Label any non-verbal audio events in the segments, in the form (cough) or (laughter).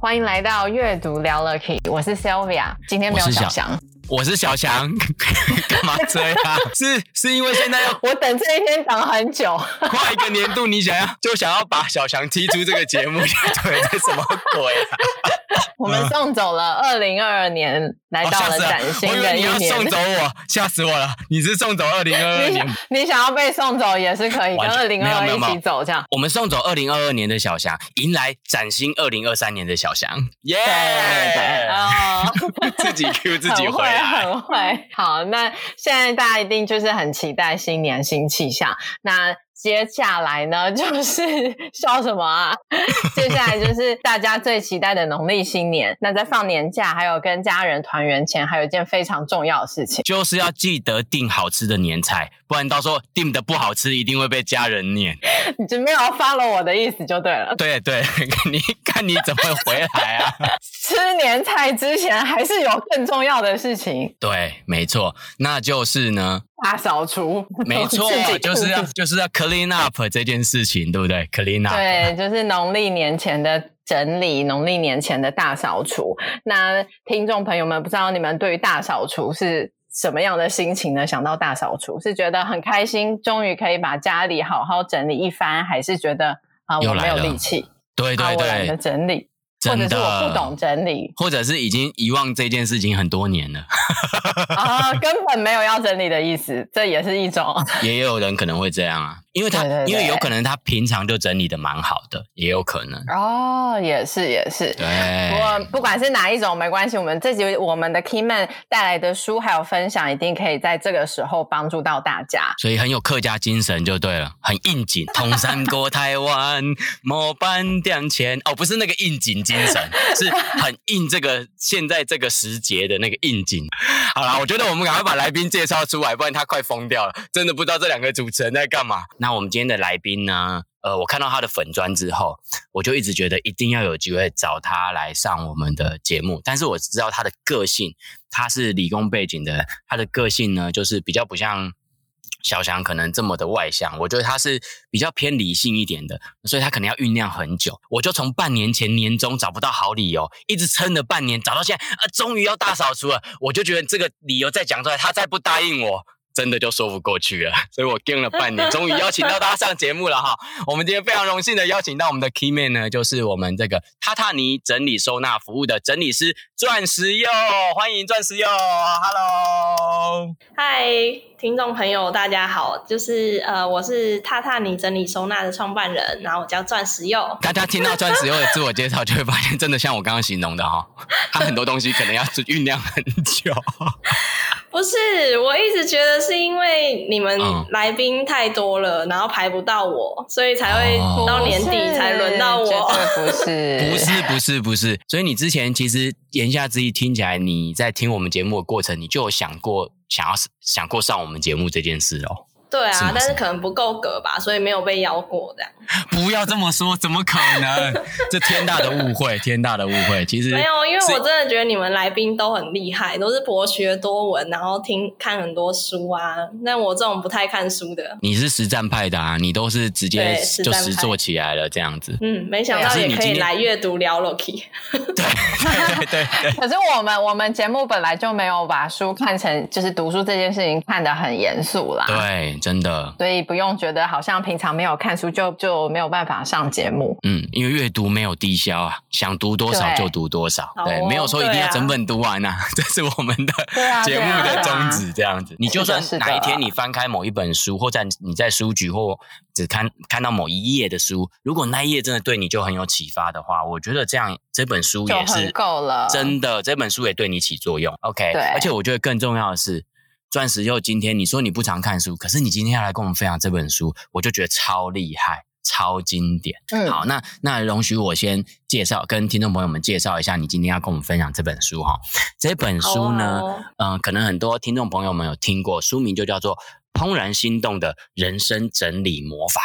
歡迎來到閱讀聊了 Key 我是 Sylvia，今天沒有小強，我是小強， (laughs) (laughs) 幹嘛追他？是，是因為現在要我等這一天等很久，跨 (laughs) 一個年度，你想要就想要把小強踢出這個節目， (laughs) (laughs) 對，這什麼鬼啊？ (laughs) 我們送走了二零二二年。來到了嶄、哦、新的一年。我以為你要送走我，嚇死我了！你是送走二零二二年 (laughs) 你，你想要被送走也是可以跟二零二二一起走。這樣沒有沒有沒有，我們送走二零二二年的小翔，迎來嶄新二零二三年的小翔，耶！對，自己 Q 自己 (laughs) 回來。很會，好，那現在大家一定就是很期待新年新氣象。那接下來呢，就是笑什麼啊？ (laughs) 接下來就是大家最期待的農曆新年。那在放年假，還有跟家人團圓前，還有一件非常重要的事情，就是要記得訂好吃的年菜。不然到時候訂的不好吃，一定會被家人念。你就沒有要 follow 我的意思就對了。 (laughs) 對對，你看你怎麼回來啊？ (laughs) 吃年菜之前，還是有更重要的事情。對，沒錯，那就是呢，大掃除。沒錯，就是要就是要 clean up 這件事情，對不對？clean up。對，就是農曆年前的整理，農曆年前的大掃除。那聽眾朋友們，不知道你們對於大掃除是？什麼樣的心情呢？想到大掃除，是覺得很開心，終於可以把家裡好好整理一番，還是覺得啊、呃、我沒有力氣？對對對，我懶得、啊、整理，的或者是我不懂整理，或者是已經遺忘這件事情很多年了 (laughs) (laughs) 啊，根本沒有要整理的意思，這也是一種。也有人可能會這樣啊。因為他，對對對，因為有可能他平常就整理的蠻好的，對對對，也有可能哦，也是也是。對，不過不管是哪一種沒關係，我們這集我們的 Keyman 帶來的書還有分享，一定可以在這個時候幫助到大家。所以很有客家精神就對了，很應景。通 (laughs) 山過台灣，莫半點錢。哦，不是那個應景精神，是很應這個 (laughs) 現在這個時節的那個應景。好啦，我覺得我們趕快把來賓介紹出來，不然他快瘋掉了。真的不知道這兩個主持人在幹嘛。那我們今天的來賓呢？呃，我看到他的粉專之後，我就一直覺得一定要有機會找他來上我們的節目。但是我知道他的個性，他是理工背景的，他的個性呢，就是比較不像小翔可能這麼的外向。我覺得他是比較偏理性一點的，所以他可能要醞釀很久。我就從半年前年中找不到好理由，一直撐了半年，找到現在啊，呃，終於要大掃除了。我就覺得這個理由再講出來，他再不答應我。真的就說不過去了，所以我等了半年，終於邀請到大家上節目了哈。 (laughs) 我們今天非常榮幸的邀請到我們的 Keyman 呢，就是我們這個踏踏妮整理收納服務的整理師鑽石柚。歡迎鑽石柚，Hello 嗨，Hello、Hi，聽眾朋友大家好，就是呃，我是踏踏妮整理收納的創辦人，然後我叫鑽石柚。大家聽到鑽石柚的自我介紹， (laughs) 就會發現真的像我剛剛形容的哈，他很多東西可能要醞釀很久。 (laughs) 不是，我一直覺得是。是因為你們來賓太多了，嗯、然後排不到我，所以才會到年底才輪到我。哦、不是，絕對不是， (laughs) 不是，不是，不是。所以你之前其實言下之意聽起來，你在聽我們節目的過程，你就有想過想要想過上我們節目這件事哦。對啊，是嗎是嗎？但是可能不夠格吧，所以沒有被邀過這樣。不要這麼說，怎麼可能？ (laughs) 這天大的誤會，天大的誤會。其實沒有，因為我真的覺得你們來賓都很厲害，都是博學多聞，然後聽看很多書啊。那我這種不太看書的，你是實戰派的啊，你都是直接就實做起來了這樣子。嗯，沒想到也可以來閱讀聊 Loki。對， (laughs) 對對對，對， (laughs) 可是我們我們節目本來就沒有把書看成就是讀書這件事情看得很嚴肅啦。對。真的，所以不用覺得好像平常沒有看書就就沒有辦法上節目。嗯，因為閱讀沒有低消啊，想讀多少就讀多少。對，對哦、沒有說一定要整本讀完吶、啊，啊、這是我們的節目的宗旨。這樣子，啊啊、你就算哪一天你翻開某一本書，或在你在書局或只看看到某一頁的書，如果那一頁真的對你就很有啟發的話，我覺得這樣這本書也是夠了。真的，這本書也對你起作用。OK，對。而且我覺得更重要的是。鑽石柚今天，你說你不常看書，可是你今天要來跟我們分享這本書，我就覺得超厲害、超經典。嗯、好，那那容許我先介紹，跟聽眾朋友們介紹一下，你今天要跟我們分享這本書哈。這本書呢，嗯哇、呃，可能很多聽眾朋友們有聽過，書名就叫做《怦然心動的人生整理魔法》。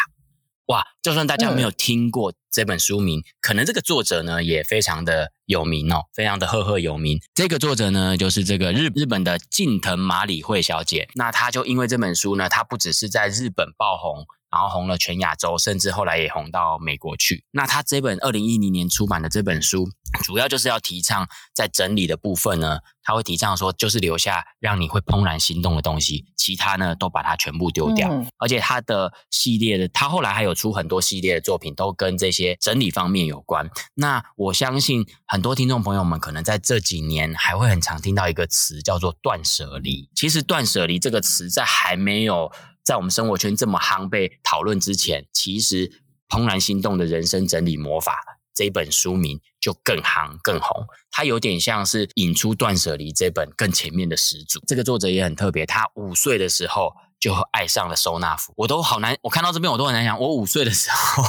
哇！就算大家沒有聽過這本書名，嗯、可能這個作者呢也非常的有名哦，非常的赫赫有名。這個作者呢就是這個日日本的近藤麻理惠小姐。那她就因為這本書呢，她不只是在日本爆紅，然後紅了全亞洲，甚至後來也紅到美國去。那她這本二零一零年出版的這本書，主要就是要提倡在整理的部分呢，她會提倡說，就是留下讓你會怦然心動的東西，其他呢都把它全部丟掉。嗯、而且她的系列的，她後來還有出很多，系列的作品都跟這些整理方面有關。那我相信很多聽眾朋友們可能在這幾年還會很常聽到一個詞叫做“斷捨離”。其實“斷捨離”這個詞在還沒有在我們生活圈這麼夯被討論之前，其實《怦然心動的人生整理魔法》這本書名就更夯更紅。它有點像是引出“斷捨離”這本更前面的始祖。這個作者也很特別，他五歲的時候。就愛上了收納服，我都好難。我看到這邊我都很難想，我五歲的時候，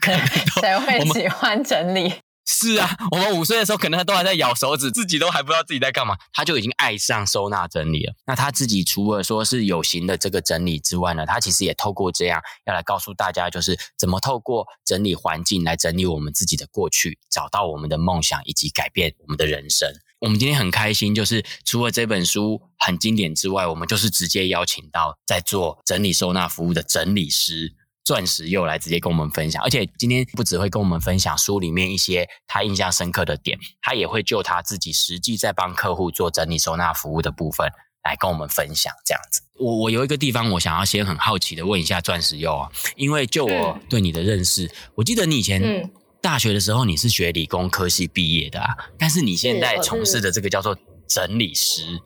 可能誰會喜歡整理？是啊，我們五歲的時候，可能他都還在咬手指， (laughs) 自己都還不知道自己在幹嘛，他就已經愛上收納整理了。那他自己除了說是有形的這個整理之外呢，他其實也透過這樣要來告訴大家，就是怎麼透過整理環境來整理我們自己的過去，找到我們的夢想以及改變我們的人生。我們今天很開心，就是除了這本書很經典之外，我們就是直接邀請到在做整理收納服務的整理師鑽石柚來直接跟我們分享。而且今天不只會跟我們分享書裡面一些他印象深刻的點，他也會就他自己實際在幫客戶做整理收納服務的部分來跟我們分享。這樣子，我我有一個地方，我想要先很好奇的問一下鑽石柚啊，因為就我對你的認識，我記得你以前、嗯。嗯大學的時候你是學理工科系畢業的啊，但是你現在從事的這個叫做整理師，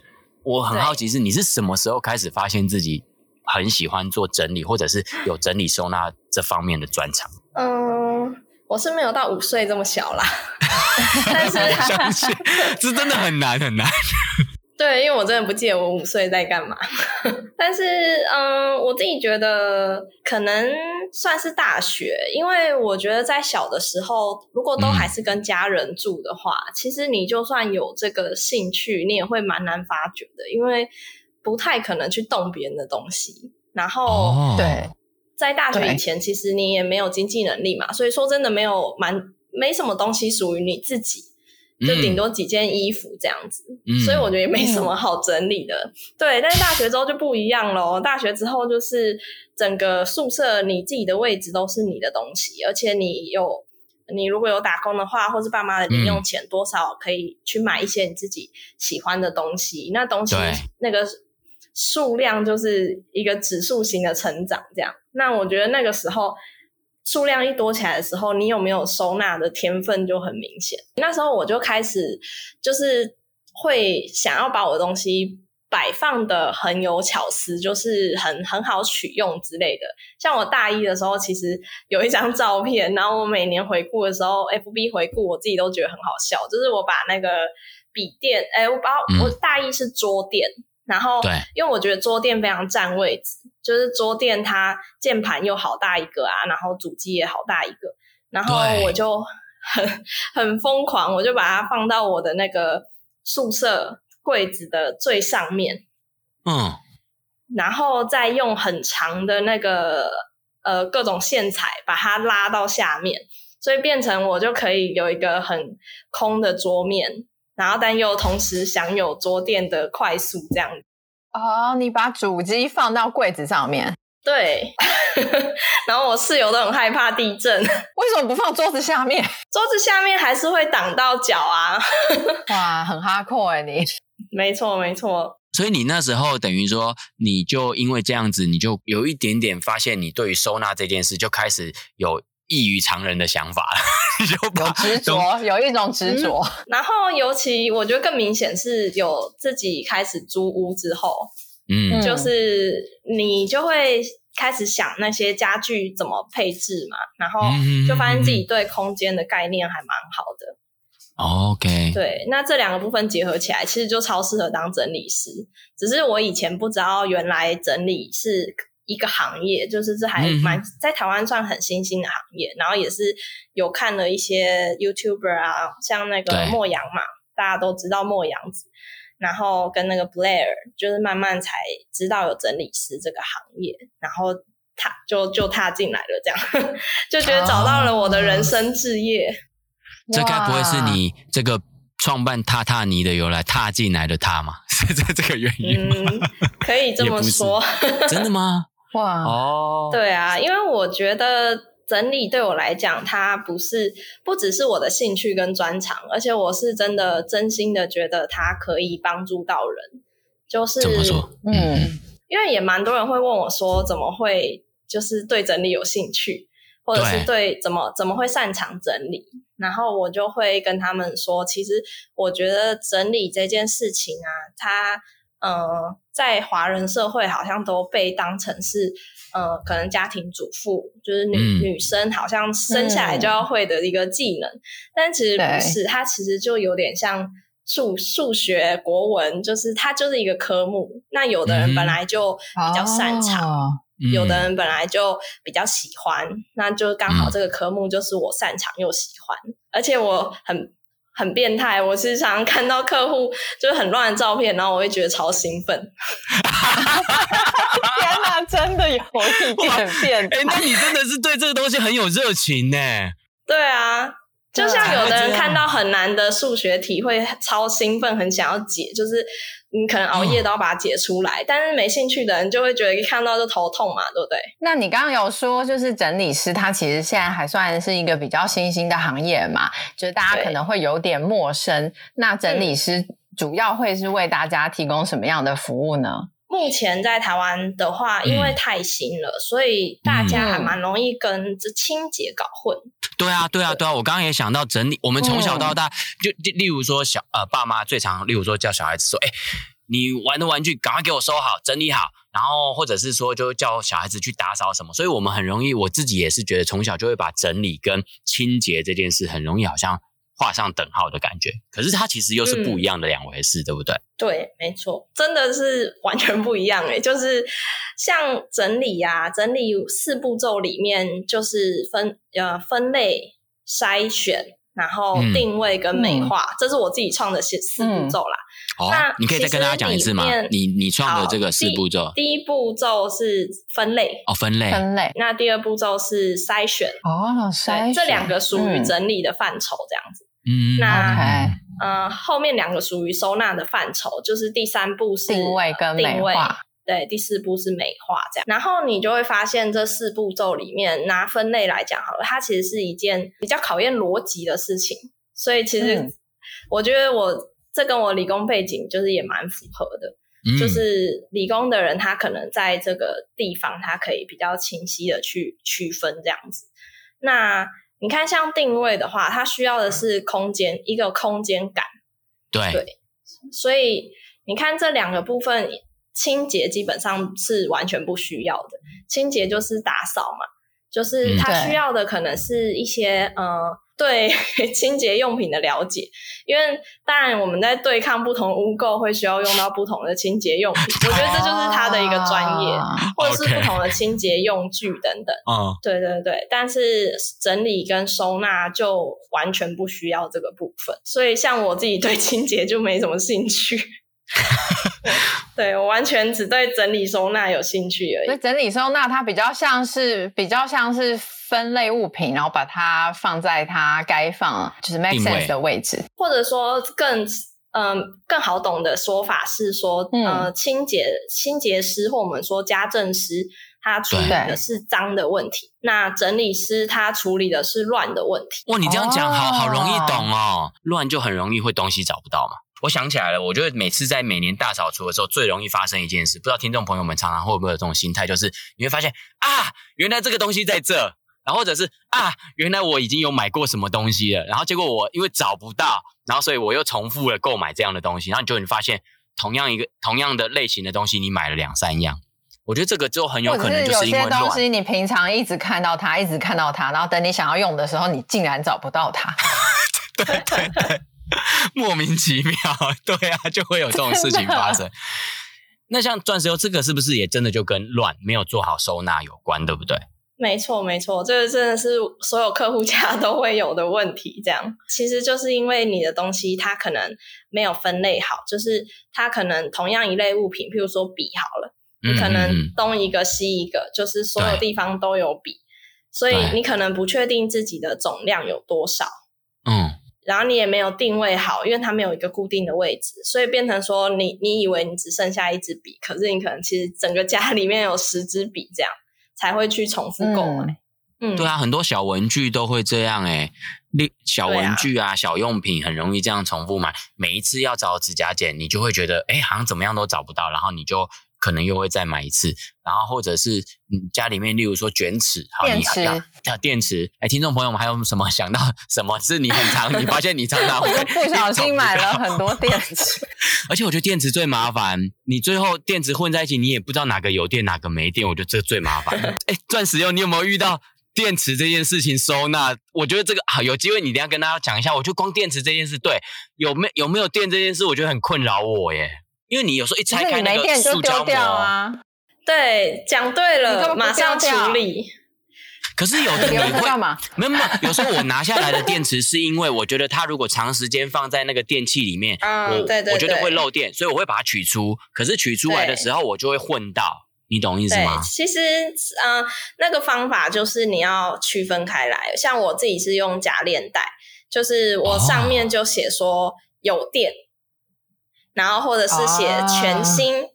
我很好奇是你是什麼時候開始發現自己很喜歡做整理，或者是有整理收納這方面的專長？嗯，我是沒有到五歲這麼小啦， (laughs) 我相信 (laughs) 真的很難很難。對，因為我真的不記得我五歲在幹嘛。 (laughs) 但是，嗯，我自己覺得可能算是大學，因為我覺得在小的時候，如果都還是跟家人住的話，嗯、其實你就算有這個興趣，你也會蠻難發覺的，因為不太可能去動別人的東西。然後，哦、對，在大學以前，對其實你也沒有經濟能力嘛，所以說真的沒有蠻沒什麼東西屬於你自己。就頂多幾件衣服這樣子，嗯、所以我覺得也沒什麼好整理的。嗯、對，但是大學之後就不一樣咯，大學之後就是整個宿舍你自己的位置都是你的東西，而且你有你如果有打工的話，或是爸媽的零用錢，嗯、多少可以去買一些你自己喜歡的東西。那東西對那個數量就是一個指數型的成長，這樣。那我覺得那個時候。數量一多起來的時候，你有沒有收納的天分就很明顯。那時候我就開始，就是會想要把我的東西擺放的很有巧思，就是很很好取用之類的。像我大一的時候，其實有一張照片，然後我每年回顧的時候，FB 回顧我自己都覺得很好笑，就是我把那個筆電，哎、欸，我把我，我大一是桌墊，然後對，因為我覺得桌墊非常占位置。就是桌墊，它鍵盤又好大一個啊，然後主機也好大一個，然後我就很很瘋狂，我就把它放到我的那個宿舍櫃子的最上面，嗯，然後再用很長的那個呃各種線材把它拉到下面，所以變成我就可以有一個很空的桌面，然後但又同時享有桌墊的快速這樣子。啊、哦，你把主機放到櫃子上面，對。 (laughs) 然後我室友都很害怕地震， (laughs) 為什麼不放桌子下面？桌子下面還是會擋到腳啊。 (laughs) 哇，很哈扣誒你。沒錯，沒錯。所以你那時候等於說，你就因為這樣子，你就有一點點發現，你對於收納這件事就開始有。異於常人的想法 (laughs) 把有有執着，都有一種執着、嗯。然後，尤其我覺得更明顯是有自己開始租屋之後，嗯，就是你就會開始想那些家具怎麼配置嘛，然後就發現自己對空間的概念還蠻好的。嗯嗯嗯 OK，對，那這兩個部分結合起來，其實就超適合當整理師。只是我以前不知道，原來整理是。一個行業，就是這還蠻、嗯、在台灣算很新興的行業，然後也是有看了一些 YouTuber 啊，像那個莫陽嘛，對大家都知道莫陽子，然後跟那個 Blair，就是慢慢才知道有整理師這個行業，然後他就就踏進來了，這樣 (laughs) 就覺得找到了我的人生志業。啊、哇這該不會是你這個創辦踏踏妮的由來，踏進來的踏嗎？是 (laughs) 這這個原因、嗯？可以這麼說，真的嗎？ (laughs) 哇哦，wow, oh, 對啊，因為我覺得整理對我來講，它不是不只是我的興趣跟專長，而且我是真的真心的覺得它可以幫助到人。就是怎麼說？嗯，因為也蠻多人會問我說，怎麼會就是對整理有興趣，或者是對怎麼對怎麼會擅長整理？然後我就會跟他們說，其實我覺得整理這件事情啊，它。呃，在華人社會好像都被當成是呃，可能家庭主婦就是女、嗯、女生好像生下來就要會的一個技能，嗯、但其實不是，對它其實就有點像數數學、國文，就是它就是一個科目。那有的人本來就比較擅長，嗯哦嗯、有的人本來就比較喜歡，那就剛好這個科目就是我擅長又喜歡，嗯、而且我很。很變態，我時常看到客戶就是很亂的照片，然後我會覺得超興奮。 (laughs) (laughs) 天哪，啊，真的有一點變態！哎，欸，那你真的是對這個東西很有熱情呢？對啊，就像有的人看到很難的數學題會超興奮，很想要解，就是。你可能熬夜都要把它解出來，但是沒興趣的人就會覺得一看到就頭痛嘛，對不對？那你剛剛有說，就是整理師他其實現在還算是一個比較新興的行業嘛，就是大家可能會有點陌生。對那整理師主要會是為大家提供什麼樣的服務呢？嗯目前在台灣的話，因為太新了，嗯、所以大家還蠻容易跟這清潔搞混，嗯。對啊，對啊，對啊！我剛剛也想到整理，我們從小到大、嗯、就，就例如說小，呃，爸媽最常，例如說叫小孩子說：“哎、欸，你玩的玩具趕快給我收好，整理好。”然後或者是說就叫小孩子去打掃什麼，所以我們很容易，我自己也是覺得從小就會把整理跟清潔這件事很容易好像。畫上等號的感覺，可是它其實又是不一樣的兩回事，嗯、對不對？對，沒錯，真的是完全不一樣哎、欸。就是像整理呀、啊，整理四步驟裡面，就是分呃分類、篩選，然後定位跟美化，嗯、這是我自己創的四四步驟啦。嗯那你可以再跟大家講一次嗎？你你創的這個四步驟，第一步驟是分類哦，分類分類。那第二步驟是篩選哦，篩選這兩個屬於整理的範疇，這樣子。嗯，那呃後面兩個屬於收納的範疇，就是第三步是定位跟美化，對，第四步是美化這樣。然後你就會發現這四步驟裡面，拿分類來講好了，它其實是一件比較考驗邏輯的事情。所以其實我覺得我。這跟我理工背景就是也蠻符合的，嗯、就是理工的人他可能在這個地方他可以比較清晰的去區分這樣子。那你看，像定位的話，它需要的是空間，嗯、一個空間感。對。對。所以你看這兩個部分，清潔基本上是完全不需要的，清潔就是打掃嘛。就是他需要的可能是一些、嗯、對呃對清潔用品的了解，因為當然我們在對抗不同污垢會需要用到不同的清潔用品，啊、我覺得這就是他的一個專業，或者是不同的清潔用具等等。Okay. 對對對，但是整理跟收納就完全不需要這個部分，所以像我自己對清潔就沒什麼興趣。 (laughs) 對，我完全只對整理收納有興趣而已。整理收納它比較像是比較像是分類物品，然後把它放在它該放就是 make sense 位的位置，或者說更嗯、呃、更好懂的說法是說，嗯呃、清潔清潔師或我們說家政師，他處理的是髒的問題；對那整理師他處理的是亂的問題。哇、哦，你這樣講好好容易懂哦，哦亂就很容易會東西找不到嘛。我想起來了，我覺得每次在每年大掃除的時候，最容易發生一件事。不知道聽眾朋友們常常會不會有這種心態，就是你會發現啊，原來這個東西在這，然後或者是啊，原來我已經有買過什麼東西了，然後結果我因為找不到，然後所以我又重複了購買這樣的東西。然後就你發現同樣一個同樣的類型的東西，你買了兩三樣。我覺得這個就很有可能就是因為當時你平常一直看到它，一直看到它，然後等你想要用的時候，你竟然找不到它。對對 (laughs) 對。對對 (laughs) 莫名其妙，對啊，就會有這種事情發生。啊、那像鑽石柚這個，是不是也真的就跟亂沒有做好收納有關？對不對？沒錯，沒錯，這個真的是所有客戶家都會有的問題。這樣，其實就是因為你的東西它可能沒有分類好，就是它可能同樣一類物品，譬如說筆好了，你可能東一個西一個，嗯、就是所有地方都有筆，對所以你可能不確定自己的總量有多少。然後你也沒有定位好，因為它沒有一個固定的位置，所以變成說你你以為你只剩下一支筆，可是你可能其實整個家裡面有十支筆這樣，才會去重複購買。嗯，嗯對啊，很多小文具都會這樣哎、欸，小文具啊、啊小用品很容易這樣重複買，每一次要找指甲剪，你就會覺得哎，好像怎麼樣都找不到，然後你就。可能又會再買一次，然後或者是你家裡面，例如說捲尺，池好你、啊啊，電池、電池。哎，聽眾朋友們，還有什麼想到什麼是你很常 (laughs) 你發現你常常會不 (laughs) 小心買了很多電池。 (laughs) 而且我覺得電池最麻煩，你最後電池混在一起，你也不知道哪個有電，哪個沒電。我覺得這最麻煩。哎， (laughs) 鑽石柚，你有沒有遇到電池這件事情收納？我覺得這個啊，有機會你等一定要跟大家講一下。我覺得光電池這件事對，對有沒有有沒有電這件事，我覺得很困擾我耶。因為你有時候一拆開那個塑膠膜啊，膜對，講對了，你掉掉馬上處理。可是有的你會，你沒有沒有。有時候我拿下來的電池，是因為我覺得它如果長時間放在那個電器裡面，嗯我，我覺得會漏電，對對對，所以我會把它取出。可是取出來的時候，我就會混到，對你懂意思嗎？其實嗯、呃，那個方法就是你要區分開來。像我自己是用夾鏈袋，就是我上面就寫說有電。哦然後或者是寫全新，啊、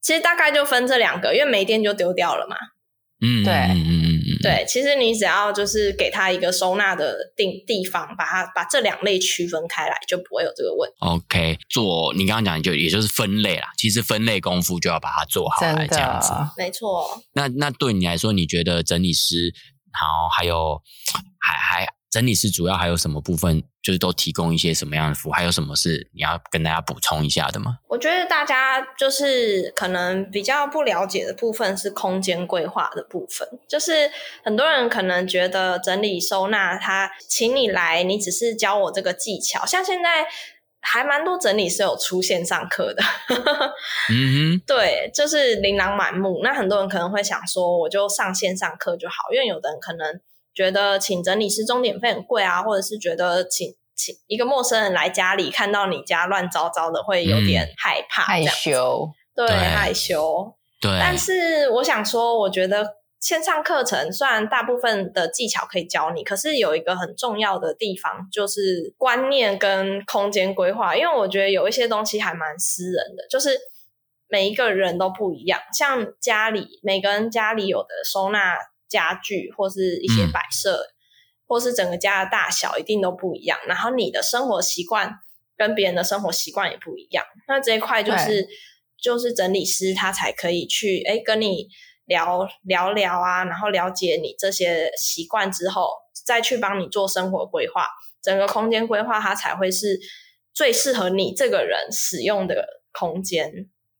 其實大概就分這兩個，因為沒電就丟掉了嘛。嗯，對，嗯嗯嗯對，其實你只要就是給他一個收納的定地方，把它把這兩類區分開來，就不會有這個問題。OK，做你剛剛講的就也就是分類啦，其實分類功夫就要把它做好來的這樣子，沒錯。那那對你來說，你覺得整理師好，還有還還？還整理師主要還有什麼部分？就是都提供一些什麼樣的服務？還有什麼是你要跟大家補充一下的嗎？我覺得大家就是可能比較不了解的部分是空間規劃的部分。就是很多人可能覺得整理收納，他請你來，你只是教我這個技巧。像現在還蠻多整理師有出現上課的，嗯、 (laughs) mm，hmm. 對，就是琳琅滿目。那很多人可能會想說，我就上線上課就好，因為有的人可能。覺得請整理師鐘點費很貴啊，或者是覺得請請一個陌生人來家裡看到你家亂糟糟的會有點害怕、嗯、害羞，對，對害羞。對，但是我想說，我覺得線上課程雖然大部分的技巧可以教你，可是有一個很重要的地方就是觀念跟空間規劃，因為我覺得有一些東西還蠻私人的，就是每一個人都不一樣，像家裡每個人家裡有的收納。家具或是一些擺設，嗯，或是整個家的大小一定都不一樣。然後你的生活習慣跟別人的生活習慣也不一樣。那這一塊就是對就是整理師他才可以去誒跟你聊聊聊啊，然後了解你這些習慣之後，再去幫你做生活規劃，整個空間規劃，它才會是最適合你這個人使用的空間。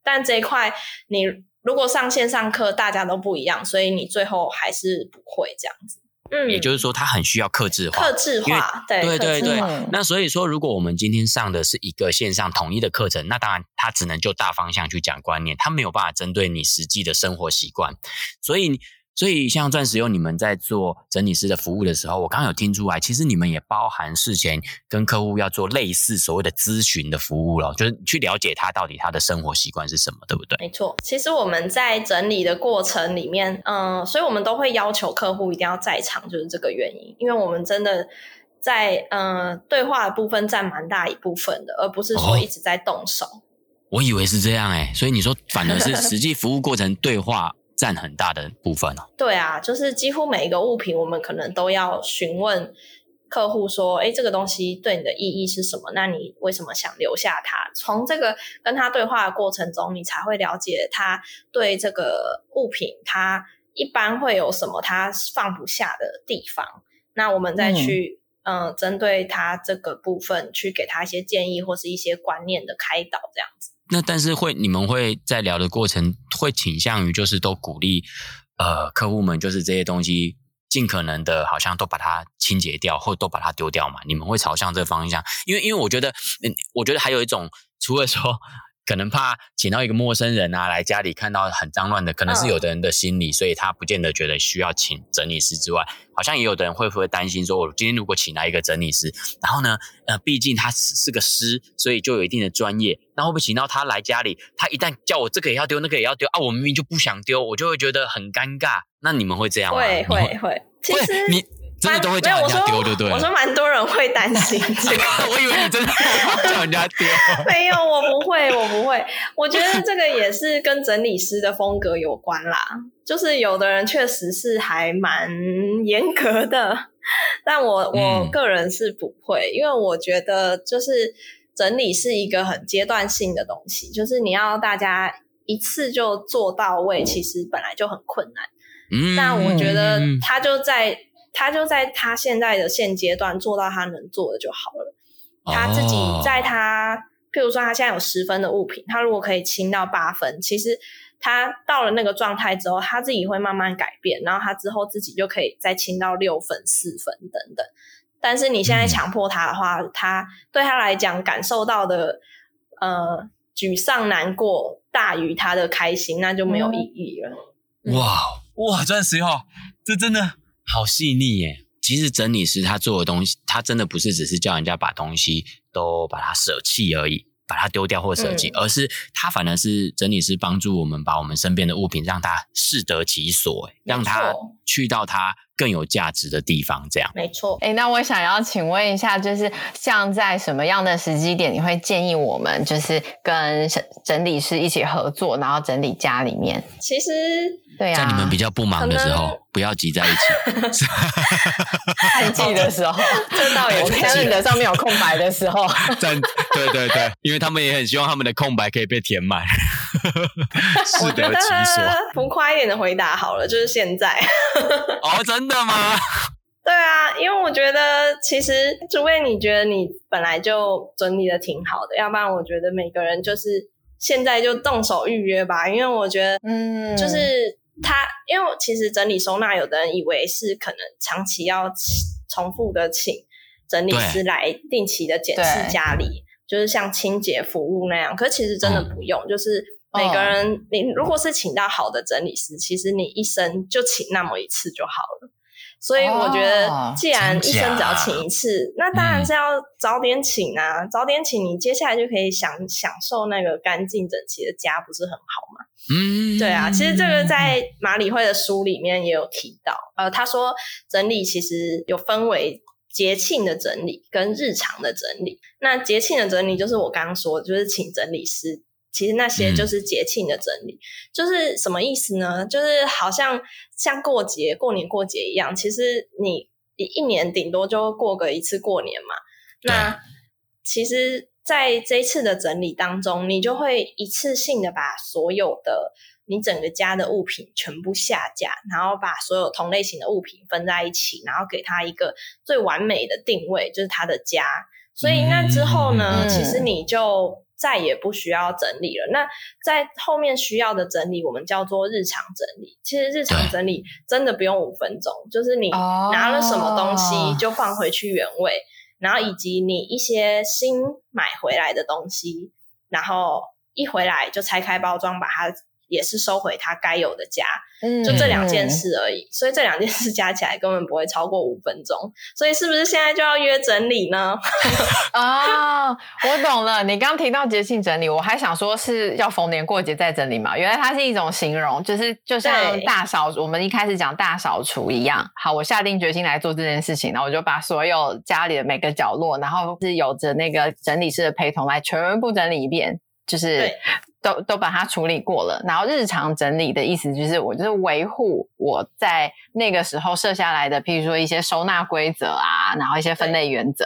但這一塊你。如果上線上課，大家都不一樣，所以你最後還是不會這樣子。嗯，也就是說，它很需要客製化、客製化。對對對對。那所以說，如果我們今天上的是一個線上統一的課程，那當然它只能就大方向去講觀念，它沒有辦法針對你實際的生活習慣，所以。所以，像鑽石柚你們在做整理師的服務的時候，我剛剛有聽出來，其實你們也包含事前跟客戶要做類似所謂的諮詢的服務了，就是去了解他到底他的生活習慣是什麼，對不對？沒錯，其實我們在整理的過程裡面，嗯、呃，所以我們都會要求客戶一定要在場，就是這個原因，因為我們真的在嗯、呃，對話的部分占蠻大一部分的，而不是說一直在動手。哦，我以為是這樣誒、欸，所以你說反而是實際服務過程對話。 (laughs) 占很大的部分哦、啊。對啊，就是幾乎每一個物品，我們可能都要詢問客戶說：“誒，這個東西對你的意義是什麼？那你為什麼想留下它？”從這個跟他對話的過程中，你才會了解他對這個物品，他一般會有什麼他放不下的地方。那我們再去，嗯，嗯，針對他這個部分，去給他一些建議或是一些觀念的開導，這樣子。那但是會，你們會在聊的過程會傾向於就是都鼓勵，呃，客戶們就是這些東西盡可能的好像都把它清潔掉或都把它丟掉嘛？你們會朝向這方向？因為因為我覺得，嗯，我覺得還有一種，除了說。可能怕請到一個陌生人啊，來家裡看到很髒亂的，可能是有的人的心理，哦，所以他不見得覺得需要請整理師之外，好像也有的人會不會擔心說，我今天如果請來一個整理師，然後呢，呃，畢竟他是是個師，所以就有一定的專業，那會不會請到他來家裡，他一旦叫我這個也要丟，那個也要丟啊，我明明就不想丟，我就會覺得很尷尬。那你們會這樣嗎？會會會，其實你。真的都會叫人家丟，對，對不對？我說蠻多人會擔心這個，我以為你真的叫人家丟。沒有，我不會，我不會。我覺得這個也是跟整理師的風格有關啦。就是有的人確實是還蠻嚴格的，但我我個人是不會，嗯、因為我覺得就是整理是一個很階段性的東西，就是你要大家一次就做到位，嗯、其實本來就很困難。嗯，但我覺得他就在。他就在他現在的現階段做到他能做的就好了。他自己在他，譬如說他現在有十分的物品，他如果可以清到八分，其實他到了那個狀態之後，他自己會慢慢改變，然後他之後自己就可以再清到六分、四分等等。但是你現在強迫他的話，他對他來講感受到的呃沮喪、難過大於他的開心，那就沒有意義了。嗯，哇。哇哇，鑽石哦，這真的。好細膩耶！其實整理師他做的東西，他真的不是只是叫人家把東西都把它捨棄而已，把它丟掉或捨棄，對而是他反而是整理師幫助我們把我們身邊的物品讓它適得其所，讓它去到它更有價值的地方，這樣沒錯錯。哎、欸，那我想要請問一下，就是像在什麼樣的時機點，你會建議我們就是跟整理師一起合作，然後整理家裡面？其實對呀、啊，在你們比較不忙的時候，能不要擠在一起。淡季 (laughs) (laughs) 的時候，就到我們 calendar 上面有空白的時候。對對對，因為他們也很希望他們的空白可以被填滿，適 (laughs) 得，其所 (laughs) 浮誇一點的回答好了，就是現在。哦、 (laughs) oh，真的。真的嗎？ (laughs) 對啊，因為我覺得其實除非，你覺得你本來就整理的挺好的，要不然我覺得每個人就是現在就動手預約吧，因為我覺得，嗯，就是他，嗯、因為其實整理收納，有的人以為是可能長期要重複的請整理師來定期的檢視家裡，就是像清潔服務那樣，可是其實真的不用，嗯、就是每個人、哦、你如果是請到好的整理師，其實你一生就請那麼一次就好了。所以我覺得，既然一生只要請一次，哦、那當然是要早點請啊！嗯、早點請，你接下來就可以享享受那個乾淨整齊的家，不是很好嗎？嗯，對啊。其實這個在麻理惠的書裡面也有提到，呃，他說整理其實有分為節慶的整理跟日常的整理。那節慶的整理就是我剛剛說的，就是請整理師。其實那些就是節慶的整理，嗯、就是什麼意思呢？就是好像像過節、過年過節一樣。其實你一一年頂多就過個一次過年嘛。那其實在這一次的整理當中，你就會一次性的把所有的你整個家的物品全部下架，然後把所有同類型的物品分在一起，然後給他一個最完美的定位，就是他的家。所以那之後呢，嗯、其實你就。再也不需要整理了。那在後面需要的整理，我們叫做日常整理。其實日常整理真的不用五分鐘，就是你拿了什麼東西就放回去原位，oh. 然後以及你一些新買回來的東西，然後一回來就拆開包裝，把它也是收回它該有的家。就這兩件事而已，嗯、所以這兩件事加起來根本不會超過五分鐘，所以是不是現在就要約整理呢？啊、 (laughs) (laughs) 哦，我懂了，你剛，剛提到節慶整理，我還想說是要逢年過節再整理嘛？原來它是一種形容，就是就像大掃除對，我們一開始講大掃除一樣。好，我下定決心來做這件事情，然後我就把所有家裡的每個角落，然後是有着那個整理師的陪同來全部整理一遍。就是都，都對都把它處理過了。然後日常整理的意思就是，我就是維護我在那個時候設下來的，譬如說一些收納規則啊，然後一些分類原則，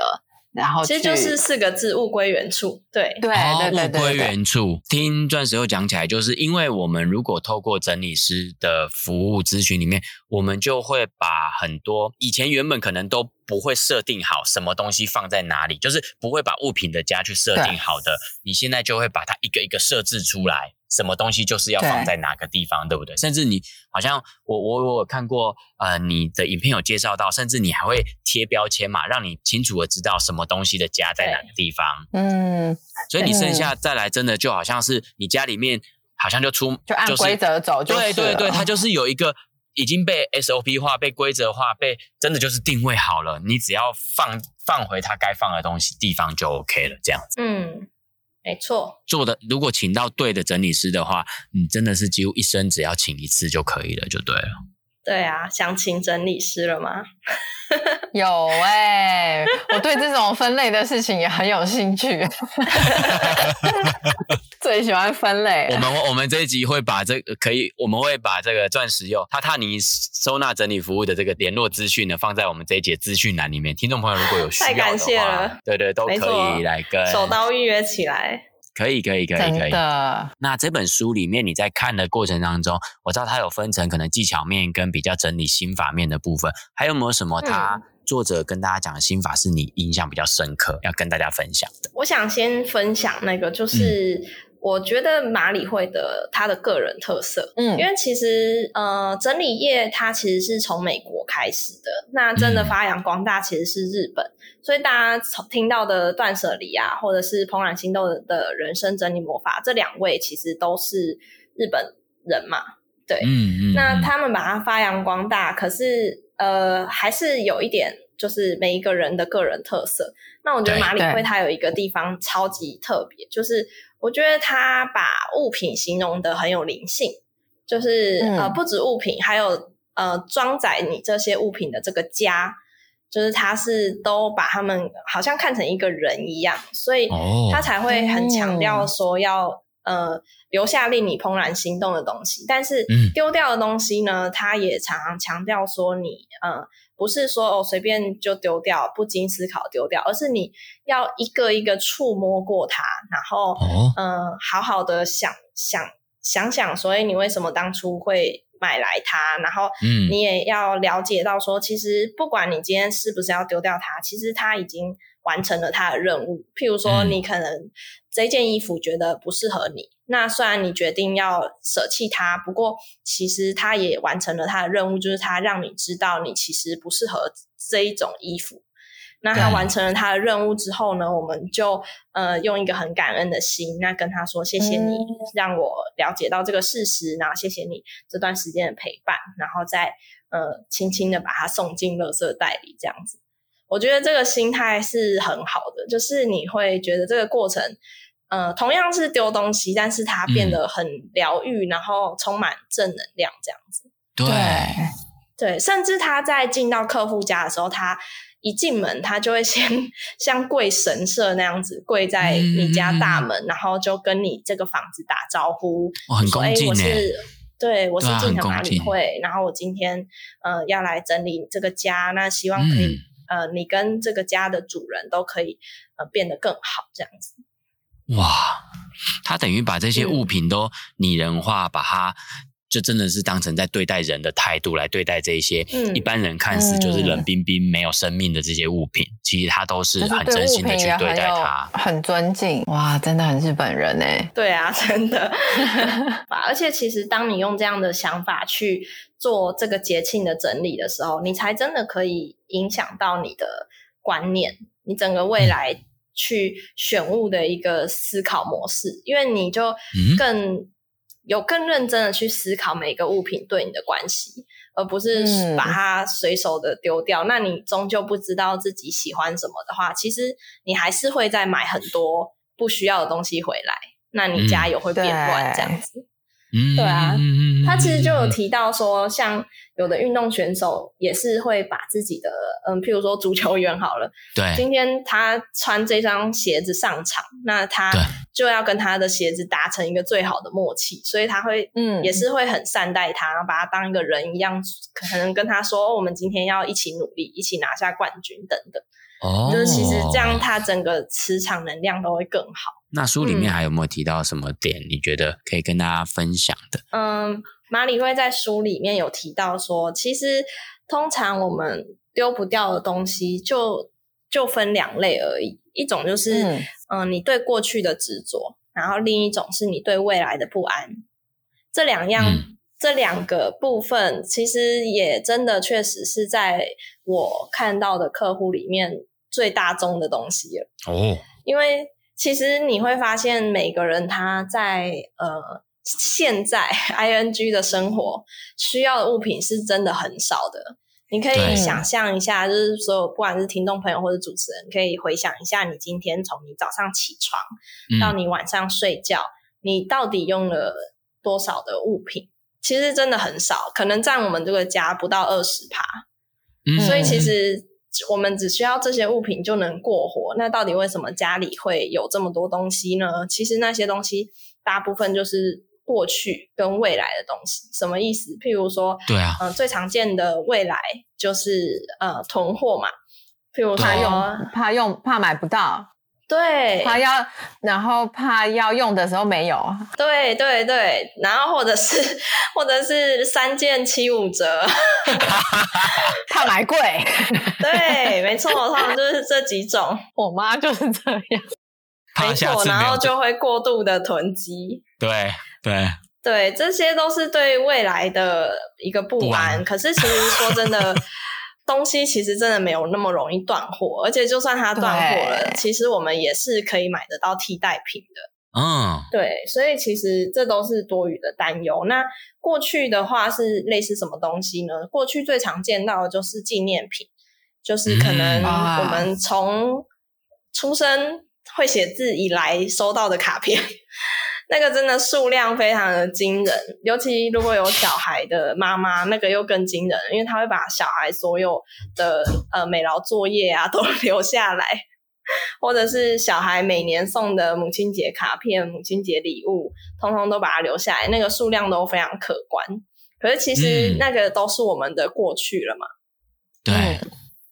對然後其實就是四個字：物歸原處。對對，對對對對，對、哦，物歸原處。聽鑽石柚講起來，就是因為我們如果透過整理師的服務諮詢裡面，我們就會把很多以前原本可能都，不會設定好什麼東西放在哪裡，就是不會把物品的家去設定好的。對你現在就會把它一個一個設置出來，什麼東西就是要放在哪個地方，對，對不對？甚至你好像我我我有看過，呃，你的影片有介紹到，甚至你還會貼標籤嘛，讓你清楚的知道什麼東西的家在哪個地方。嗯，所以你剩下再來，嗯、真的就好像是你家裡面好像就出就按規則走，就是，就對、是、對對，它、哦、就是有一個。已經被 SOP 化，被規則化，被真的就是定位好了，你只要放放回它該放的東西地方就 OK 了，這樣子。嗯，沒錯。做的如果請到對的整理師的話，你真的是幾乎一生只要請一次就可以了，就對了。對啊，想請整理師了嗎？ (laughs) (laughs) 有哎、欸，我對這種分類的事情也很有興趣， (laughs) (laughs) 最喜歡分類。我們我們這一集會把這個可以，我們會把這個鑽石柚踏踏妮收納整理服務的這個聯絡資訊呢，放在我們這一集資訊欄裡面。聽眾朋友如果有需要的話，感謝了對，對對，都可以錯來跟手刀預約起來。可以，可以，可以，的可以。那這本書裡面，你在看的過程當中，我知道它有分成可能技巧面跟比較整理心法面的部分，還有沒有什麼，它作者跟大家講的心法是你印象比較深刻，要跟大家分享的？我想先分享那個，就是、嗯。我覺得麻理惠的他的個人特色，嗯，因為其實呃，整理業它其實是從美國開始的，那真的發揚光大其實是日本，嗯、所以大家聽到的斷捨離啊，或者是怦然心動的人生整理魔法，這兩位其實都是日本人嘛，對，嗯，嗯嗯，那他們把它發揚光大，可是呃，還是有一點就是每一個人的個人特色。那我覺得麻理惠它有一個地方超級特別，就是。我覺得他把物品形容得很有靈性，就是、嗯、呃，不止物品，還有呃裝載你這些物品的這個家，就是他是都把他們好像看成一個人一樣，所以他才會很強調說要，哦，呃留下令你怦然心動的東西，但是丟掉的東西呢，他也常常強調說你呃。不是說哦，隨便就丟掉，不經思考丟掉，而是你要一個一個觸摸過它，然後嗯、哦呃，好好的想想，想想想，所以你為什麼當初會買來它，然後你也要了解到說，嗯、其實不管你今天是不是要丟掉它，其實它已經完成了它的任務。譬如說，你可能這件衣服覺得不適合你，嗯、那雖然你決定要捨棄它，不過其實它也完成了它的任務，就是它讓你知道你其實不適合這一種衣服。那他完成了他的任務之後呢，對我們就呃用一個很感恩的心，那跟他說，謝謝你讓我了解到這個事實。嗯、然後謝謝你這段時間的陪伴，然後再呃輕輕的把他送進垃圾袋裡這樣子。我覺得這個心態是很好的，就是你會覺得這個過程，呃同樣是丟東西，但是他變得很療癒，嗯、然後充滿正能量這樣子。對對，甚至他在進到客戶家的時候，他。一進門，他就會先像跪神社那樣子跪在你家大門，嗯、然後就跟你這個房子打招呼。我、哦、很恭敬哎，我對，對啊、我是近藤麻理惠。然後我今天呃要來整理這個家，那希望可以、嗯、呃你跟這個家的主人都可以呃變得更好這樣子。哇，他等於把這些物品都擬人化，對把它。就真的是當成在對待人的態度，來對待這些一般人看似就是冷冰冰沒有生命的這些物品，其實他都是很真心的去對待他，很尊敬。哇，真的很日本人呢！對啊，真的。而且其實當你用這樣的想法去做這個節慶的整理的時候，你才真的可以影響到你的觀念，你整個未來去選物的一個思考模式，因為你就更。有更認真的去思考每個物品對你的關係，而不是把它隨手的丟掉。嗯、那你終究不知道自己喜歡什麼的話，其實你還是會再買很多不需要的東西回來，那你家也會變亂這樣子。嗯嗯，對啊，他其實就有提到說，像有的運動選手也是會把自己的，嗯，譬如說足球員好了，對，今天他穿這雙鞋子上場，那他就要跟他的鞋子達成一個最好的默契，所以他會，嗯，也是會很善待他，然後把他當一個人一樣，可能跟他說，哦，我們今天要一起努力，一起拿下冠軍，等等，哦，就是其實這樣，他整個磁場能量都會更好。那書裡面還有沒有提到什麼點？嗯、你覺得可以跟大家分享的？嗯，麻理惠在書裡面有提到說，其實通常我們丟不掉的東西就，就就分兩類而已。一種就是嗯，嗯，你對過去的執着，然後另一種是你對未來的不安。這兩樣，嗯、這兩個部分，其實也真的確實是在我看到的客戶裡面最大宗的東西了。哦，因為。其實你會發現，每個人他在呃現在 ING 的生活需要的物品是真的很少的。你可以想象一下，對就是所有不管是聽眾朋友或者主持人，你可以回想一下，你今天從你早上起床到你晚上睡覺，嗯、你到底用了多少的物品？其實真的很少，可能占我們這個家不到二十趴。嗯，所以其實。我們只需要這些物品就能過活，那到底為什麼家裡會有這麼多東西呢？其實那些東西大部分就是過去跟未來的東西，什麼意思？譬如說，對啊、呃，最常見的未來就是呃囤貨嘛，譬如說，怕用，怕買不到。對，怕要，然後怕要用的時候沒有。對對對，然後或者是，或者是三件七五折， (laughs) 怕，怕買貴。對，沒錯，他們就是這幾種。我媽就是這樣，沒錯，沒然後就會過度的囤積。對對對，這些都是對未來的一個不安。啊、可是，其實說真的。 (laughs) 東西其實真的沒有那麼容易斷貨，而且就算它斷貨了，對其實我們也是可以買得到替代品的。嗯、哦，對，所以其實這都是多餘的擔憂。那過去的話是類似什麼東西呢？過去最常見到的就是紀念品，就是可能我們從出生會寫字以來收到的卡片。嗯啊 (laughs) 那個真的數量非常的驚人，尤其如果有小孩的媽媽，那個又更驚人，因為他會把小孩所有的呃美勞作業啊都留下來，或者是小孩每年送的母親節卡片、母親節禮物，通通都把它留下來，那個數量都非常可觀。可是其實那個都是我們的過去了嘛，嗯，對，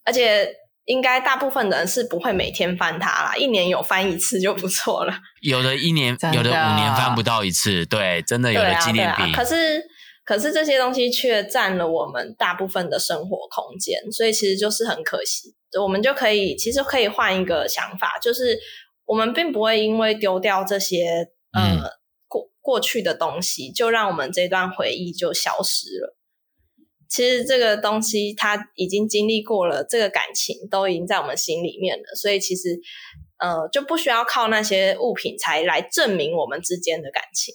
而且。應該大部分的人是不會每天翻它啦，一年有翻一次就不錯了。有的一年，真的。有的五年翻不到一次，對，真的有的紀念品。對啊，對啊。可是，可是這些東西卻占了我們大部分的生活空間，所以其實就是很可惜。我們就可以，其實可以換一個想法，就是我們並不會因為丟掉這些呃、嗯、過過去的東西，就讓我們這段回憶就消失了。其實這個東西，它已經經歷過了，這個感情，都已經在我們心裡面了，所以其實，呃，就不需要靠那些物品才來證明我們之間的感情。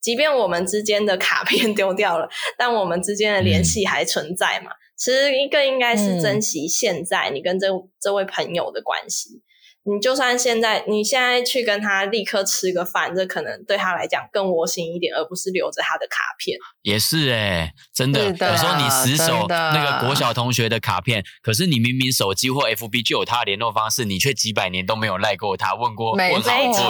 即便我們之間的卡片丟掉了，但我們之間的聯繫還存在嘛，其實，更應該是珍惜現在你跟這、嗯、這位朋友的關係。你就算現在，你現在去跟他立刻吃個飯，這可能對他來講更窩心一點，而不是留着他的卡片。也是哎、欸，真的，的有時候你死守那個國小同學的卡片，的可是你明明手機或 FB 就有他的聯絡方式，你卻幾百年都沒有賴過他，問過、沒問好過一次，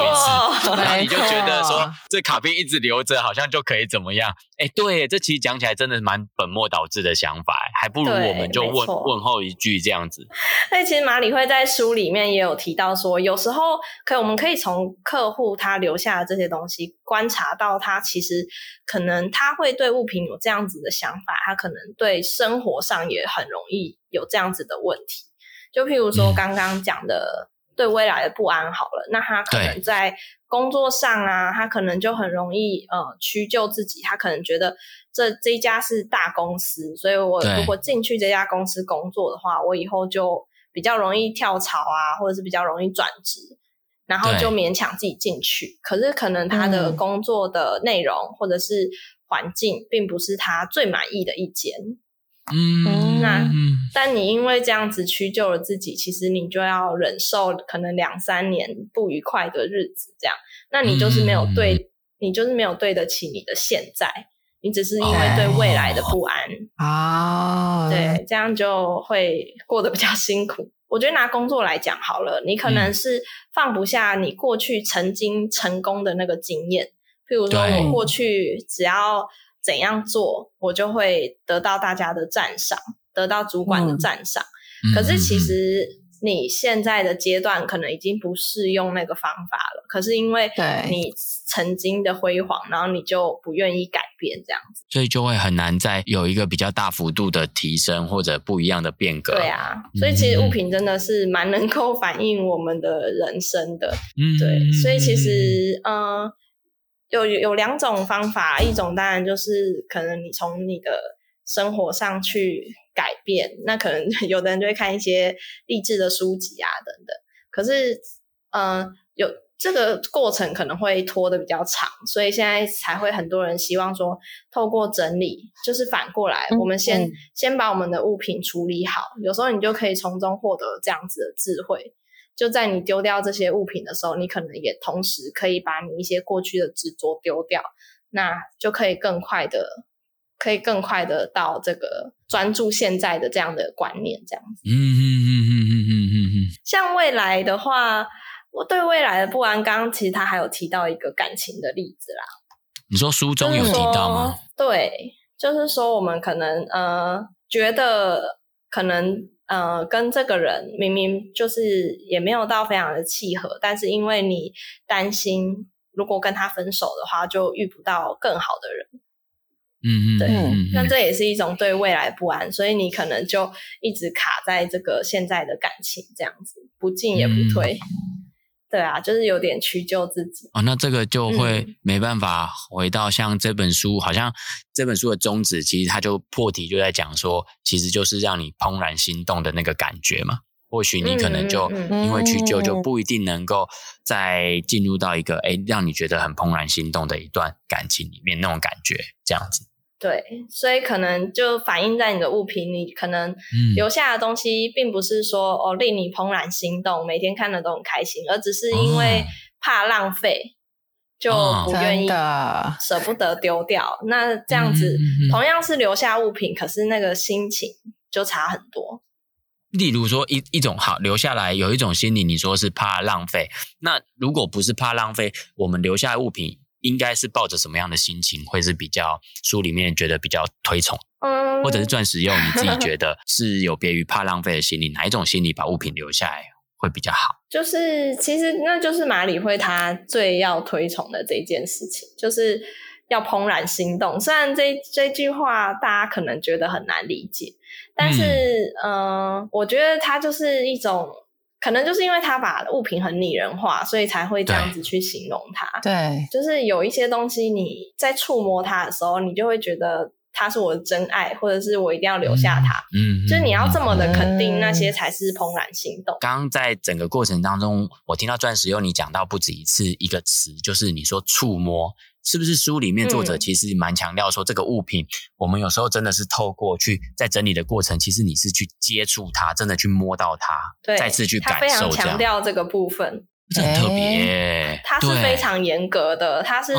錯然後你就覺得說，錯說這卡片一直留着，好像就可以怎麼樣？哎，對，這其實講起來真的蠻本末倒置的想法、欸。還不如我們就問問候一句這樣子。那其實麻理惠在書裡面也有提到說，有時候可以我們可以從客戶他留下的這些東西觀察到，他其實可能他會對物品有這樣子的想法，他可能對生活上也很容易有這樣子的問題。就譬如說剛剛講的對未來的不安，好了，嗯、那他可能在。工作上啊，他可能就很容易呃屈就自己，他可能覺得這這一家是大公司，所以我如果進去這家公司工作的話，對我以後就比較容易跳槽啊，或者是比較容易轉職，然後就勉強自己進去。對可是可能他的工作的內容、嗯、或者是環境，並不是他最滿意的一間，嗯嗯那，但你因為這樣子屈就了自己，其實你就要忍受可能兩三年不愉快的日子，這樣，那你就是沒有對，你就是沒有對得起你的現在，你只是因為對未來的不安啊，對，這樣就會過得比較辛苦。我覺得拿工作來講好了，你可能是放不下你過去曾經成功的那個經驗，譬如說我過去只要怎樣做，我就會得到大家的讚賞。得到主管的讚賞，嗯、可是其實你現在的階段可能已經不適用那個方法了。可是因為你曾經的輝煌，然後你就不願意改變，這樣子，所以就會很難再有一個比較大幅度的提升，或者不一樣的變革。對啊，所以其實物品真的是蠻能夠反映我們的人生的。嗯，對，所以其實嗯、呃，有有兩種方法，一種當然就是可能你從你的生活上去。改變，那可能有的人就會看一些勵志的書籍啊等等。可是，嗯、呃，有這個過程可能會拖得比較長，所以現在才會很多人希望說，透過整理，就是反過來，嗯、我們先、嗯、先把我們的物品處理好。有時候你就可以從中獲得這樣子的智慧，就在你丟掉這些物品的時候，你可能也同時可以把你一些過去的執着丟掉，那就可以更快的。可以更快的到這個專注現在的這樣的觀念，這樣子。嗯嗯嗯嗯嗯嗯嗯。像未來的話，我對未來的不安，剛剛其實他還有提到一個感情的例子啦。你說書中有提到嗎？對，就是說我們可能呃覺得可能呃跟這個人明明就是也沒有到非常的契合，但是因為你擔心如果跟他分手的話，就遇不到更好的人。嗯，對，那、嗯、哼這也是一種對未來不安，嗯、哼所以你可能就一直卡在這個現在的感情這樣子，不進也不退，嗯、哼對啊，就是有點屈就自己哦，那這個就會沒辦法回到像這本書，嗯、哼好像這本書的宗旨其實它就破題就在講說，其實就是讓你怦然心動的那個感覺嘛。或許你可能就因為屈就，就不一定能夠再進入到一個哎、嗯哼欸、讓你覺得很怦然心動的一段感情裡面那種感覺這樣子。對，所以可能就反映在你的物品裡，你可能留下的東西，並不是說、嗯、哦，令你怦然心動，每天看的都很開心，而只是因為怕浪費、哦、就不願意捨不得丟掉。哦、那這樣子、嗯嗯嗯嗯、同樣是留下物品，可是那個心情就差很多。例如說一一種好留下來有一種心理，你說是怕浪費。那如果不是怕浪費，我們留下物品。應該是抱着什麼樣的心情，會是比較書裡面覺得比較推崇，嗯、或者是鑽石柚，你自己覺得是有別於怕浪費的心理， (laughs) 哪一種心理把物品留下來會比較好？就是其實，那就是麻理惠他最要推崇的這件事情，就是要怦然心動。雖然這這句話大家可能覺得很難理解，但是嗯、呃，我覺得它就是一種。可能就是因為他把物品很擬人化，所以才會這樣子去形容它。對，就是有一些東西，你在觸摸它的時候，你就會覺得它是我的真愛，或者是我一定要留下它。嗯。嗯，嗯就是你要這麼的肯定、嗯、那些才是怦然心動。剛剛在整個過程當中，我聽到鑽石柚你講到不止一次一個詞，就是你說觸摸。是不是書裡面作者其實蠻強調說，這個物品、嗯、我們有時候真的是透過去在整理的過程，其實你是去接觸它，真的去摸到它，對，再次去感受這樣，非常強調這個部分，這很特別。它是非常嚴格的，對它是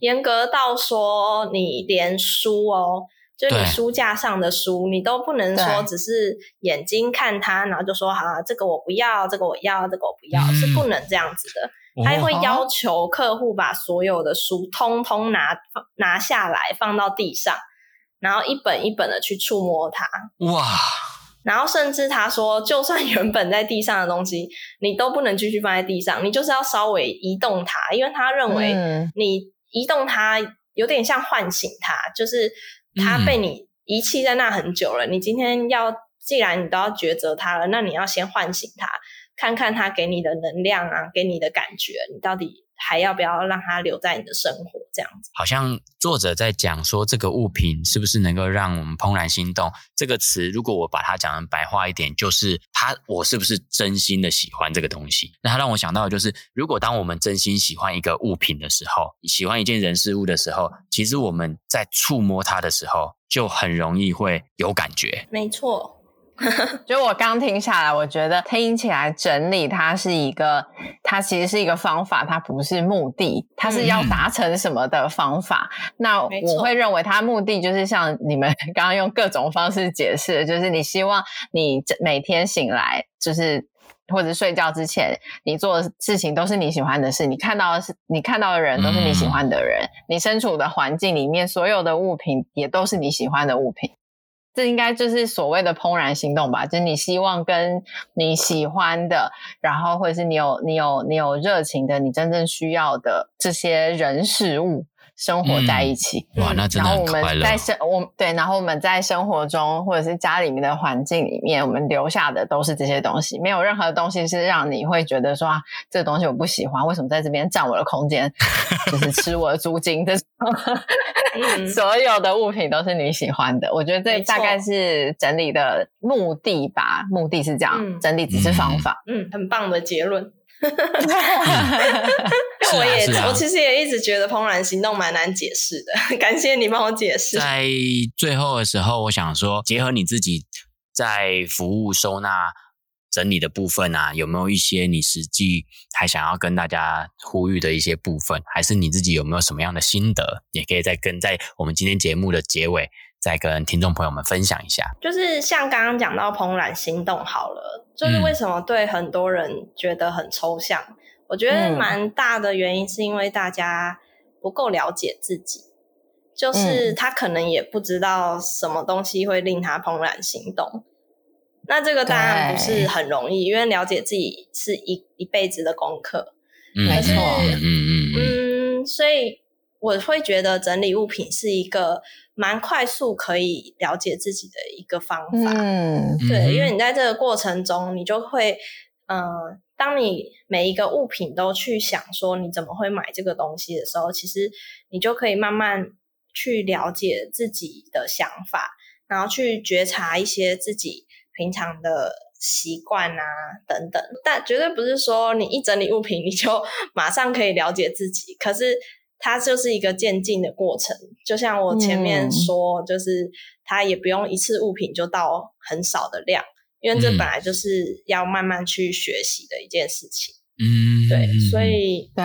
嚴格到說，你連書哦、喔、嗯、就你書架上的書，對你都不能說只是眼睛看它，然後就說對啊，這個我不要，這個我要，這個我不要，嗯、是不能這樣子的。他會要求客戶把所有的書通通拿拿下來，放到地上，然後一本一本的去觸摸它。哇！然後甚至他說，就算原本在地上的東西，你都不能繼續放在地上，你就是要稍微移動它，因為他認為你移動它有點像喚醒它，就是它被你遺棄在那很久了。嗯，你今天要既然你都要抉擇它了，那你要先喚醒它。看看他給你的能量啊，給你的感覺，你到底還要不要讓他留在你的生活？這樣子，好像作者在講說，這個物品是不是能夠讓我們怦然心動？這個詞，如果我把它講的白話一點，就是他我是不是真心的喜歡這個東西？那他讓我想到的就是，如果當我們真心喜歡一個物品的時候，喜歡一件人事物的時候，其實我們在觸摸它的時候，就很容易會有感覺。沒錯。 (laughs) 就我剛聽下來，我覺得聽起來整理它是一個，它其實是一個方法，它不是目的，它是要達成什麼的方法。那我會認為它目的就是像你們剛剛用各種方式解釋，就是你希望你每天醒來，就是或者睡覺之前，你做的事情都是你喜歡的事，你看到的是你看到的人都是你喜歡的人，嗯、你身處的環境裡面所有的物品也都是你喜歡的物品。這應該就是所謂的怦然心動吧，就是你希望跟你喜歡的，然後或者是你有你有你有熱情的，你真正需要的這些人事物。.生活在一起，嗯、哇，那真的快樂。然後我們在生，我對，然後我們在生活中或者是家裡面的環境裡面，我們留下的都是這些東西，沒有任何東西是讓你會覺得說啊，這個東西我不喜歡，為什麼在這邊占我的空間，就 (laughs) 是吃我的租金的？這 (laughs) 種、嗯、所有的物品都是你喜歡的，我覺得這大概是整理的目的吧。錯目的是這樣，嗯、整理只是方法。嗯，很棒的結論。哈哈哈我也，啊、我其實也一直覺得怦然心動蠻難解釋的。感謝你幫我解釋。在最後的時候，我想說，結合你自己在服務收納整理的部分啊，有沒有一些你實際還想要跟大家呼籲的一些部分？還是你自己有沒有什麼樣的心得？也可以再跟在我們今天節目的結尾，再跟聽眾朋友們分享一下。就是像剛剛講到怦然心動，好了。就是為什麼對很多人覺得很抽象，嗯、我覺得蠻大的原因是因為大家不夠了解自己，嗯、就是他可能也不知道什麼東西會令他怦然心動，嗯、那這個當然不是很容易，對因為了解自己是一一輩子的功課，沒錯、嗯從嗯，嗯嗯，所以。我會覺得整理物品是一個蠻快速可以了解自己的一個方法，嗯，對，因為你在這個過程中，你就會，嗯、呃，當你每一個物品都去想說你怎麼會買這個東西的時候，其實你就可以慢慢去了解自己的想法，然後去覺察一些自己平常的習慣啊等等。但絕對不是說你一整理物品你就馬上可以了解自己，可是。它就是一個漸進的過程，就像我前面說，嗯、就是它也不用一次物品就到很少的量，因為這本來就是要慢慢去學習的一件事情。嗯，對，所以對，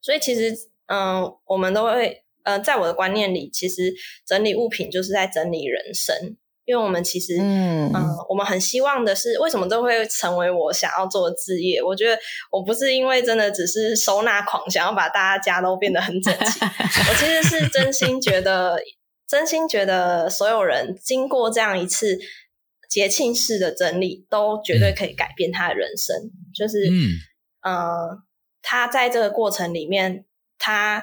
所以其實，嗯、呃，我們都會，嗯、呃，在我的觀念裡，其實整理物品就是在整理人生。因為我們其實，嗯、呃，我們很希望的是，為什麼這會成為我想要做的事業？我覺得我不是因為真的只是收納狂，想要把大家家都變得很整齊。 (laughs) 我其實是真心覺得，真心覺得所有人經過這樣一次節慶式的整理，都絕對可以改變他的人生。嗯、就是，嗯、呃，他在這個過程裡面，他。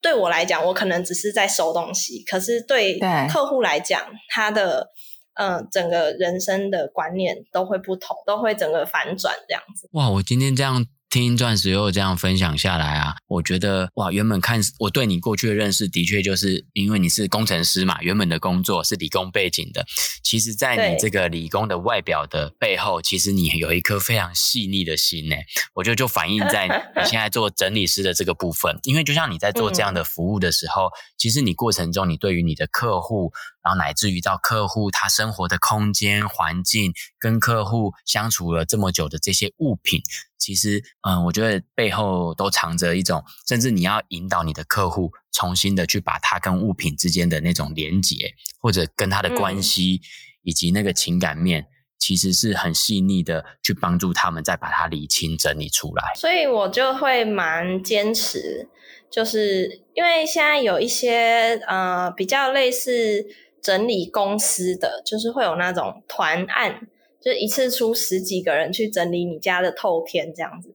對我來講，我可能只是在收東西，可是對客戶來講，對他的嗯，呃，整個人生的觀念都會不同，都會整個反轉這樣子。哇，我今天這樣。聽鑽石柚這樣分享下來啊，我覺得哇，原本看我對你過去的認識，的確就是因為你是工程師嘛，原本的工作是理工背景的。其實，在你這個理工的外表的背後，對其實你有一顆非常細膩的心誒、欸。我覺得就反映在你現在做整理師的這個部分， (laughs) 因為就像你在做這樣的服務的時候，嗯、其實你過程中你對於你的客戶。然後乃至於到客戶他生活的空間環境，跟客戶相處了這麼久的這些物品，其實嗯，我覺得背後都藏着一種，甚至你要引導你的客戶重新的去把他跟物品之間的那種連結或者跟他的關係，嗯、以及那個情感面，其實是很細膩的去幫助他們再把它理清整理出來。所以我就會蠻堅持，就是因為現在有一些呃比較類似。整理公司的就是會有那種團案，就一次出十幾個人去整理你家的透天這樣子。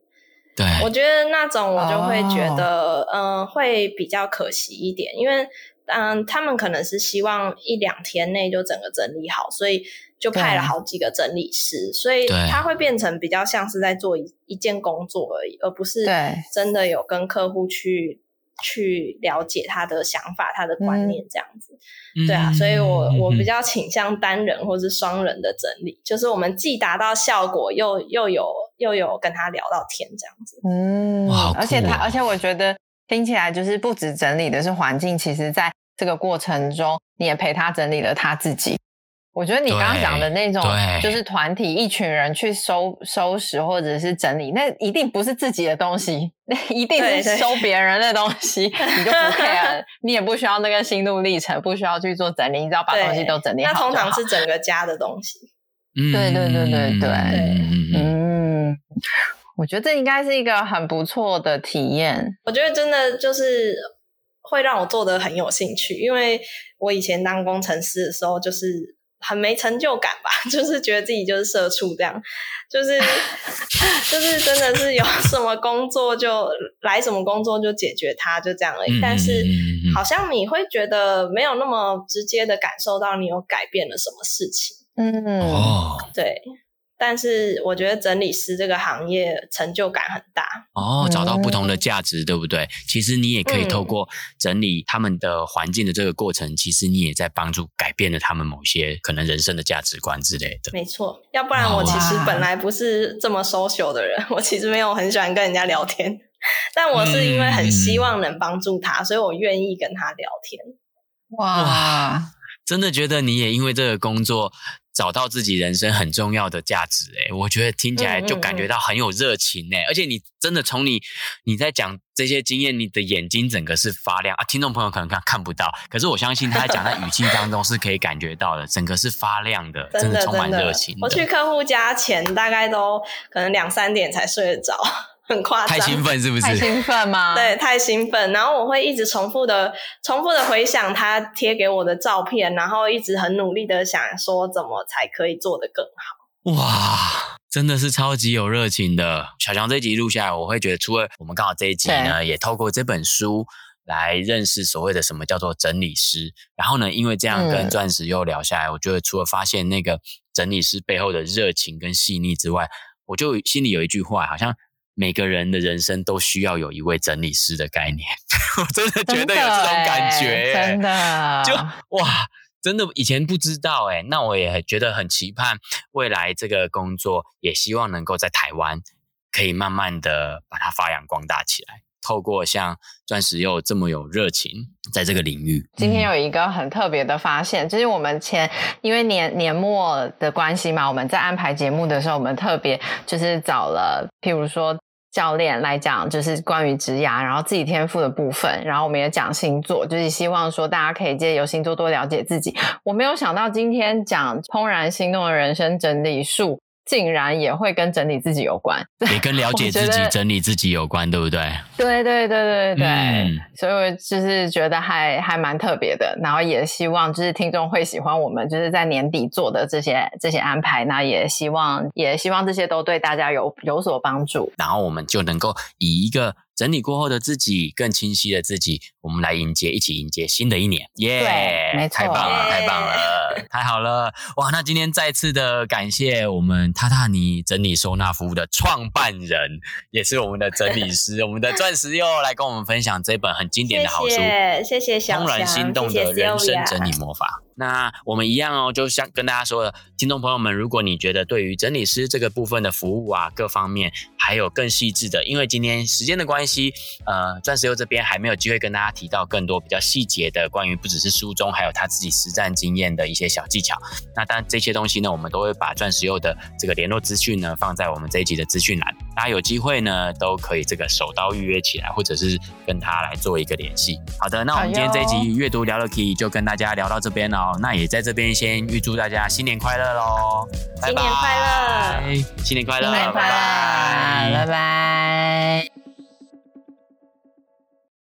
對，我覺得那種我就會覺得，嗯、Oh. 呃，會比較可惜一點，因為嗯、呃，他們可能是希望一兩天內就整個整理好，所以就派了好幾個整理師，對所以他會變成比較像是在做一一件工作而已，而不是真的有跟客戶去。去了解他的想法，他的觀念這樣子，嗯、對啊，嗯、所以我我比較傾向單人或是雙人的整理，嗯、就是我們既達到效果，又又有又有跟他聊到天這樣子，嗯，哇好酷哦，而且他，而且我覺得聽起來就是不止整理的是環境，其實在這個過程中，你也陪他整理了他自己。我覺得你剛剛講的那種，就是團體一群人去收對收拾或者是整理，那一定不是自己的東西，那一定是收別人的東西，你就不 care (laughs) 你也不需要那個心路歷程，不需要去做整理，你只要把東西都整理好好。那通常是整個家的東西。對對對對對。嗯對嗯。我覺得這應該是一個很不錯的體驗。我覺得真的就是會讓我做得很有興趣，因為我以前當工程師的時候就是。很沒成就感吧，就是覺得自己就是社畜這樣，就是就是真的是有什麼工作就來什麼工作就解決它，就這樣而已。嗯，但是好像你會覺得沒有那麼直接的感受到你有改變了什麼事情，嗯，哦，對。但是我覺得整理師這個行業成就感很大哦，找到不同的價值，嗯、對不對？其實你也可以透過整理他們的環境的這個過程，嗯、其實你也在幫助改變了他們某些可能人生的價值觀之類的。沒錯，要不然我其實本來不是這麼 social 的人，哇我其實沒有很喜歡跟人家聊天，但我是因為很希望能幫助他，嗯、所以我願意跟他聊天。哇，嗯、哇，真的覺得你也因為這個工作找到自己人生很重要的價值、欸，誒我覺得聽起來就感覺到很有熱情、欸，誒、嗯嗯嗯、而且你真的從你你在講這些經驗，你的眼睛整個是發亮啊，聽眾朋友可能看看不到，可是我相信他在講的語氣當中是可以感覺到的， (laughs) 整個是發亮的，真的,真的充滿熱情的的。我去客戶家前，大概都可能兩三點才睡得着。很誇張，太興奮是不是？太興奮嗎？對，太興奮。然後我會一直重複的、重複的回想他貼給我的照片，然後一直很努力的想說怎麼才可以做得更好。哇，真的是超級有熱情的。小強這集錄下來，我會覺得除了我們剛好這一集呢，對也透過這本書來認識所謂的什麼叫做整理師。然後呢，因為這樣跟鑽石又聊下來，嗯、我覺得除了發現那個整理師背後的熱情跟細膩之外，我就心裡有一句話，好像。每個人的人生都需要有一位整理師的概念， (laughs) 我真的覺得有這種感覺，欸真欸，真的就哇，真的以前不知道哎，欸，那我也覺得很期盼未來這個工作，也希望能夠在台灣可以慢慢的把它發揚光大起來，透過像鑽石柚這麼有熱情，在這個領域，今天有一個很特別的發現，就是我們前因為年年末的關係嘛，我們在安排節目的時候，我們特別就是找了，譬如說。教練來講，就是關於職涯，然後自己天賦的部分，然後我們也講星座，就是希望說大家可以借由星座多了解自己。我沒有想到今天講《怦然心動的人生整理術》。竟然也會跟整理自己有關，也跟了解自己、整理自己有關，對不對？對對對對對。嗯，所以我就是覺得還還蠻特別的，然後也希望就是聽眾會喜歡我們，就是在年底做的這些這些安排，那也希望也希望這些都對大家有有所幫助，然後我們就能夠以一個整理過後的自己，更清晰的自己。我們來迎接，一起迎接新的一年，耶、yeah！太棒了，耶太棒了，太好了，哇！那今天再次的感謝我們踏踏妮整理收納服務的創辦人，也是我們的整理師， (laughs) 我們的鑽石柚 (laughs) 來跟我們分享這本很經典的好書，謝謝，謝《怦然心動的人生整理魔法》謝謝。那我們一樣哦，就像跟大家說的，聽眾朋友們，如果你覺得對於整理師這個部分的服務啊，各方面還有更細緻的，因為今天時間的關係，呃，鑽石柚這邊還沒有機會跟大家。提到更多比較細節的關於不只是書中，還有他自己實戰經驗的一些小技巧。那當然這些東西呢，我們都會把鑽石柚的這個聯絡資訊呢放在我們這一集的資訊欄，大家有機會呢都可以這個手刀預約起來，或者是跟他來做一個聯繫。好的，那我們今天這一集閱讀聊了 K，就跟大家聊到這邊嘍。那也在這邊先預祝大家新年快樂嘍！新年快樂，新年快樂，拜拜，拜拜。Bye bye